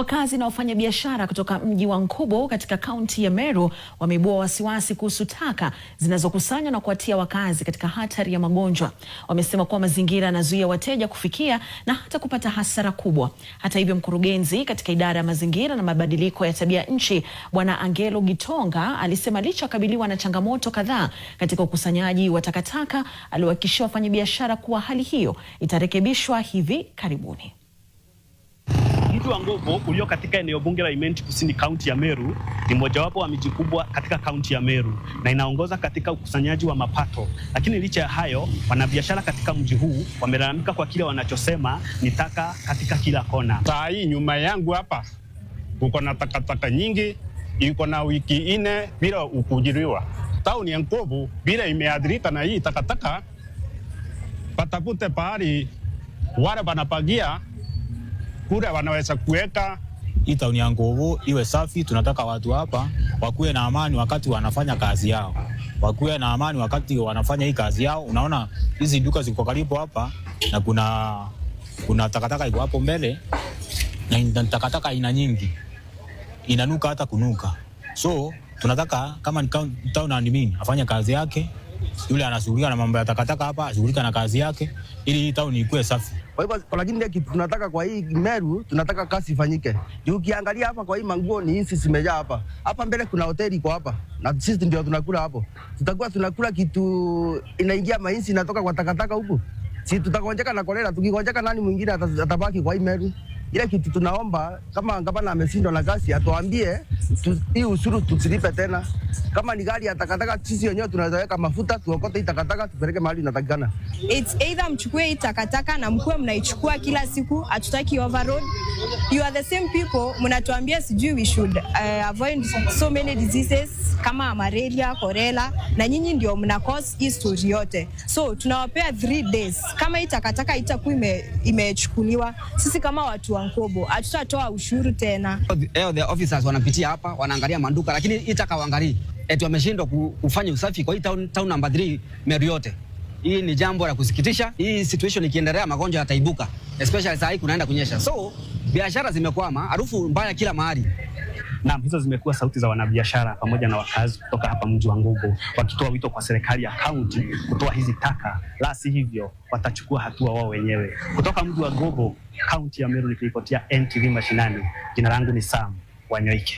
Wakazi na wafanyabiashara kutoka mji wa Nkubo katika kaunti ya Meru wameibua wasiwasi kuhusu taka zinazokusanywa na kuwatia wakazi katika hatari ya magonjwa. Wamesema kuwa mazingira yanazuia wateja kufikia na hata kupata hasara kubwa. Hata hivyo, mkurugenzi katika idara ya mazingira na mabadiliko ya tabia nchi Bwana Angelo Gitonga alisema licha kabiliwa na changamoto kadhaa katika ukusanyaji wa takataka, aliwahakikishia wafanyabiashara kuwa hali hiyo itarekebishwa hivi karibuni. Mji wa Ngovo ulio katika eneo bunge la Imenti Kusini, kaunti ya Meru, ni mojawapo wa miji kubwa katika kaunti ya Meru na inaongoza katika ukusanyaji wa mapato. Lakini licha ya hayo, wanabiashara katika mji huu wamelalamika kwa kile wanachosema ni taka katika kila kona. Saa hii nyuma yangu hapa uko na takataka nyingi, iko na wiki nne bila ukujiriwa. Tauni ya Ngovo bila imeadhirika na hii takataka, patapute pahali wale wanapagia vyakula wanaweza kuweka. Hii tauni ya Nguvu iwe safi. Tunataka watu hapa wakuwe na amani wakati wanafanya kazi yao, wakuwe na amani wakati wanafanya hii kazi yao. Unaona hizi duka ziko karibu hapa na kuna kuna takataka iko hapo mbele na takataka aina nyingi inanuka hata kunuka, so tunataka kama town admin afanye kazi yake yule anashughulika na mambo ya takataka hapa, ashughulika na kazi yake, ili hii tauni ikuwe safi. Kwa hivyo, lakini kitu tunataka kwa hii Meru, tunataka kasi ifanyike juu. Ukiangalia hapa kwa hii manguo ni hizi zimejaa hapa hapa, mbele kuna hoteli kwa hapa, na sisi ndio tunakula hapo. Tutakuwa tunakula kitu inaingia mainzi, inatoka kwa takataka huku, si tutagonjeka na kolera? Tukigonjeka nani mwingine atabaki kwa hii Meru? Ile kitu tunaomba kama gavana ameshindwa na gasi, atuambie hii usuru tusilipe tena. Kama ni gari ya takataka, sisi wenyewe tunaweka mafuta, tuokote hii takataka, tupeleke mahali inatakikana. It's either mchukue hii takataka na mkuwe mnaichukua kila siku, hatutaki overload. You are the same people mnatuambia sijui we should uh, avoid so many diseases kama malaria, korela, na nyinyi ndio mna cause hii story yote. So tunawapea 3 days. Kama hii takataka itakuwa imechukuliwa, ime sisi kama watu kwa mkobo, hatutatoa ushuru tena. Leo eh, the officers wanapitia hapa, wanaangalia manduka, lakini itaka waangalie eti wameshindwa kufanya usafi kwa hii town, town number 3 Meru yote. Hii ni jambo la kusikitisha. Hii situation ikiendelea, magonjwa yataibuka, especially saa hii kunaenda kunyesha, so biashara zimekwama, harufu mbaya kila mahali. Naam, hizo zimekuwa sauti za wanabiashara pamoja na wakazi kutoka hapa mji wa Ngogo wakitoa wito kwa serikali ya kaunti kutoa hizi taka, la si hivyo watachukua hatua wao wenyewe. Kutoka mji wa Ngogo, kaunti ya Meru, nikiripotia NTV Mashinani, jina langu ni Sam Wanyoike.